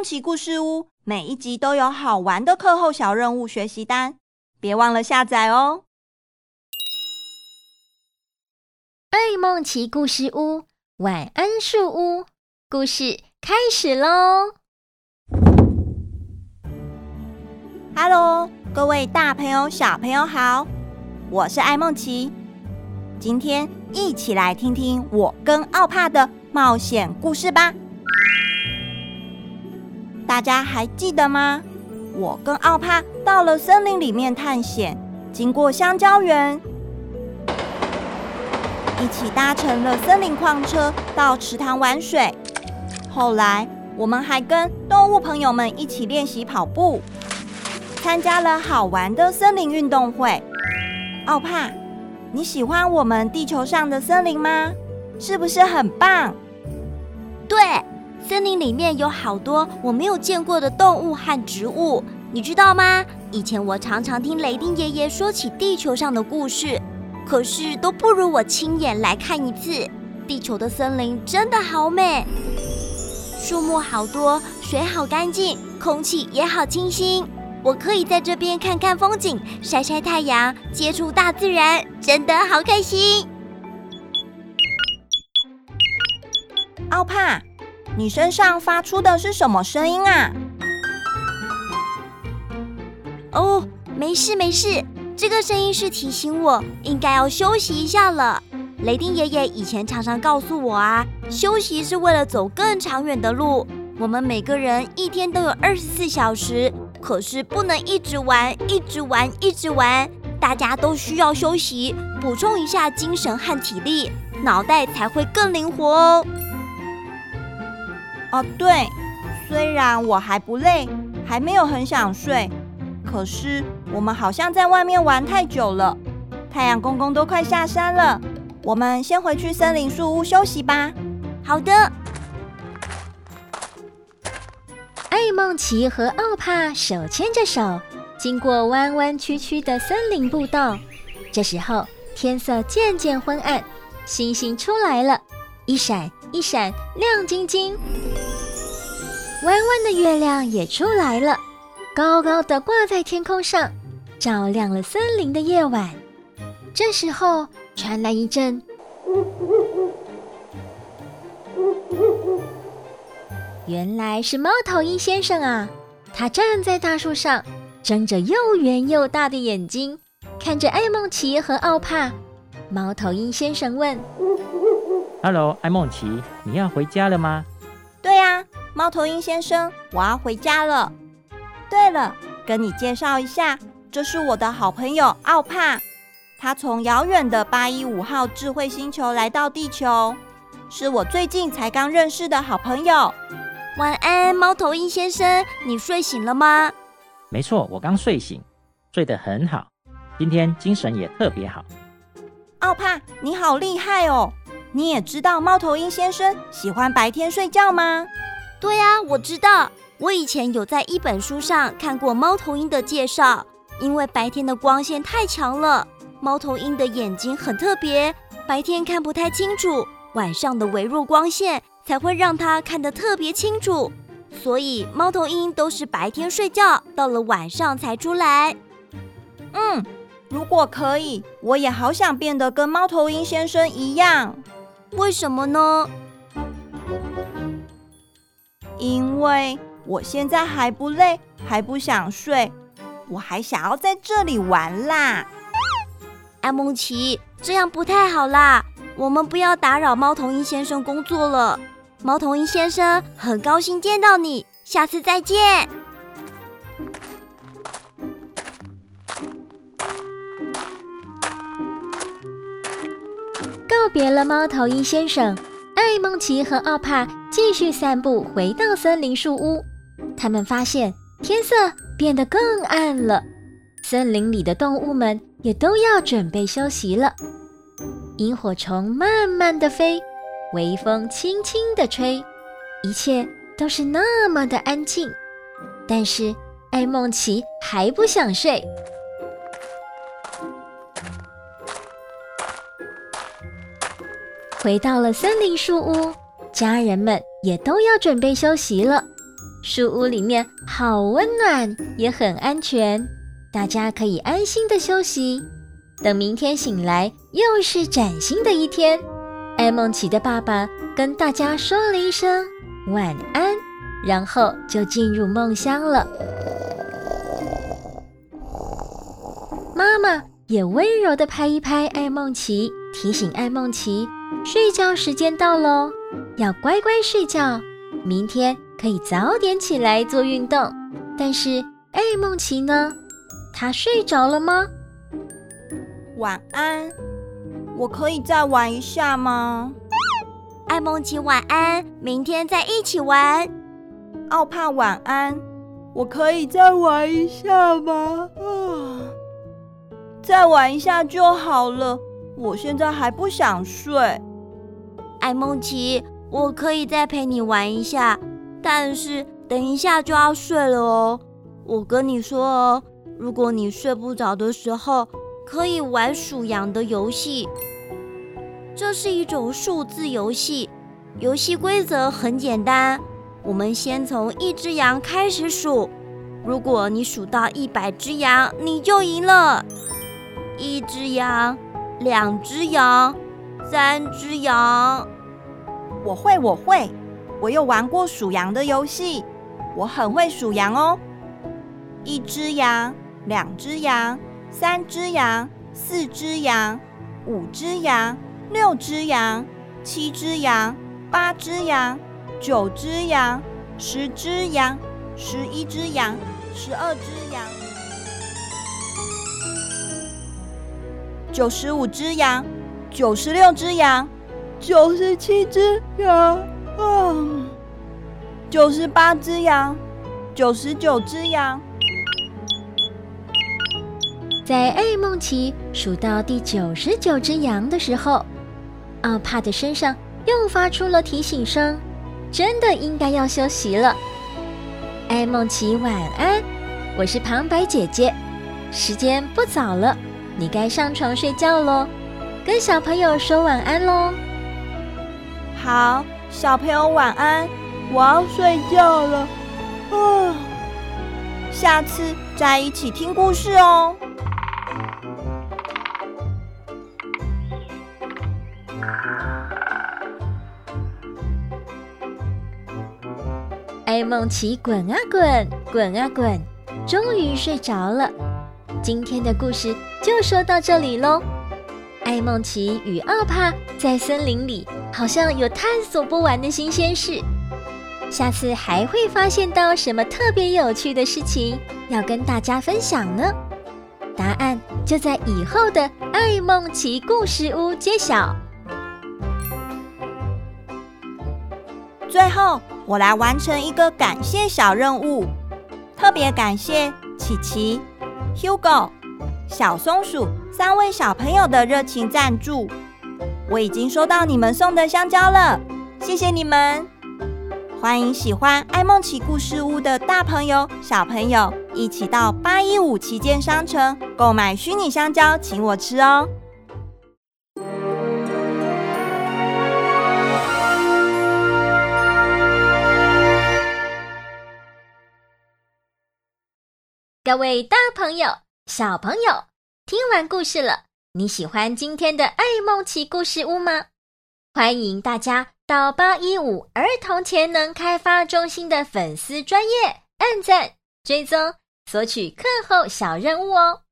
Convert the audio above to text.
愛孟奇故事屋每一集都有好玩的課後小任務學習單，別忘了下載哦。愛孟奇故事屋，晚安樹屋，故事開始嘍！Hello，各位大朋友小朋友好，我是愛孟奇，今天一起來聽聽我跟奧帕的冒險故事吧。大家還記得嗎？我跟奧帕到了森林裡面探險，經過香蕉園，一起搭乘了森林礦車到池塘玩水。後來我們還跟動物朋友們一起練習跑步，參加了好玩的森林運動會。奧帕，你喜歡我們地球上的森林嗎？是不是很棒？對。森林裡面有好多我沒有見過的動物和植物，你知道嗎？以前我常常聽雷丁爺爺說起地球上的故事，可是都不如我親眼來看一次。地球的森林真的好美，樹木好多，水好乾淨，空氣也好清新。我可以在這邊看看風景，曬曬太陽，接觸大自然，真的好開心。奧帕。你身上發出的是什麼聲音啊？哦，Oh，沒事沒事，這個聲音是提醒我應該要休息一下了。雷丁爺爺以前常常告訴我啊，休息是為了走更長遠的路。我們每個人一天都有二十四小時，可是不能一直玩，一直玩，一直玩。大家都需要休息，補充一下精神和體力，腦袋才會更靈活哦。哦，對，雖然我還不累，還沒有很想睡，可是我們好像在外面玩太久了，太陽公公都快下山了，我們先回去森林樹屋休息吧。好的，愛孟奇和奧帕手牽着手，經過彎彎曲曲的森林步道，這時候天色漸漸昏暗，星星出來了，一閃。一閃亮晶晶，彎彎的月亮也出來了，高高的掛在天空上，照亮了森林的夜晚。這時候傳來一陣“嗚嗚嗚”，原來是貓頭鷹先生啊！他站在大樹上，睜着又圓又大的眼睛，看着愛孟奇和奧帕。貓頭鷹先生問。哈嘍，愛孟奇，你要回家了嗎？對呀，貓頭鷹先生，我要回家了。對了，跟你介紹一下，這是我的好朋友奧帕，他從遙遠的八一五號智慧星球來到地球，是我最近才剛認識的好朋友。晚安，貓頭鷹先生，你睡醒了嗎？沒錯，我剛睡醒，睡得很好，今天精神也特別好。奧帕，你好厲害哦！你也知道貓頭鷹先生喜歡白天睡覺嗎？對呀、啊，我知道。我以前有在一本書上看過貓頭鷹的介紹。因為白天的光線太強了，貓頭鷹的眼睛很特別，白天看不太清楚，晚上的微弱光線才會讓他看得特別清楚。所以貓頭鷹都是白天睡覺，到了晚上才出來。嗯，如果可以，我也好想變得跟貓頭鷹先生一樣。為什麼呢？因為我現在還不累，還不想睡，我還想要在這裡玩啦！愛孟奇，這樣不太好啦，我們不要打擾貓頭鷹先生工作了。貓頭鷹先生很高興見到你，下次再見。告別了貓頭鷹先生，愛孟奇和奧帕繼續散步，回到森林樹屋。他們發現天色變得更暗了，森林裡的動物們也都要準備休息了。螢火蟲慢慢地飛，微風輕輕地吹，一切都是那麼的安靜。但是愛孟奇還不想睡。回到了森林樹屋，家人們也都要準備休息了。樹屋裡面好溫暖，也很安全，大家可以安心的休息。等明天醒來，又是嶄新的一天。愛孟奇的爸爸跟大家說了一聲晚安，然後就進入夢鄉了。媽媽也溫柔的拍一拍愛孟奇，提醒愛孟奇。睡覺時間到了，要乖乖睡覺，明天可以早點起來做運動。但是，哎、欸，孟奇呢？她睡着了嗎？晚安，我可以再玩一下嗎？愛孟奇，晚安，明天再一起玩。奧帕，晚安，我可以再玩一下嗎？啊，再玩一下就好了，我現在還不想睡。愛孟奇，我可以再陪你玩一下，但是等一下就要睡了哦。我跟你說哦，如果你睡不着的時候，可以玩數羊的遊戲。這是一種數字遊戲，遊戲規則很簡單。我們先從一隻羊開始數，如果你數到一百隻羊，你就贏了。一隻羊，兩隻羊，三隻羊。我會，我會，我有玩過數羊的遊戲，我很會數羊哦。一隻羊，兩隻羊，三隻羊，四隻羊，五隻羊，六隻羊，七隻羊，八隻羊，九隻羊，十隻羊，十一隻羊，十二隻羊，九十五隻羊，九十六隻羊。九十七隻羊，九十八隻羊，九十九隻羊。在愛孟奇數到第九十九隻羊的時候，奧帕的身上又發出了提醒聲，真的應該要休息了。愛孟奇，晚安！我是旁白姐姐，時間不早了，你該上床睡覺嘍，跟小朋友說晚安嘍。好，小朋友晚安，我要睡覺了。啊，下次再一起聽故事哦。愛孟奇滾啊滾，滾啊滾，終於睡着了。今天的故事就說到這裡嘍。愛孟奇與奧帕在森林裡。好像有探索不完的新鮮事，下次還會發現到什麼特別有趣的事情要跟大家分享呢？答案就在以後的愛孟奇故事屋揭曉。最後，我來完成一個感謝小任務，特別感謝琪琪、Hugo、小松鼠三位小朋友的熱情贊助。我已經收到你們送的香蕉了，謝謝你們！歡迎喜歡《愛孟奇故事屋》的大朋友、小朋友一起到八一五旗艦商城購買虛擬香蕉，請我吃哦！各位大朋友、小朋友，聽完故事了。你喜歡今天的《愛孟奇故事屋》嗎？歡迎大家到八一五兒童潛能開發中心的粉絲專頁，按讚、追蹤、索取課後小任務哦！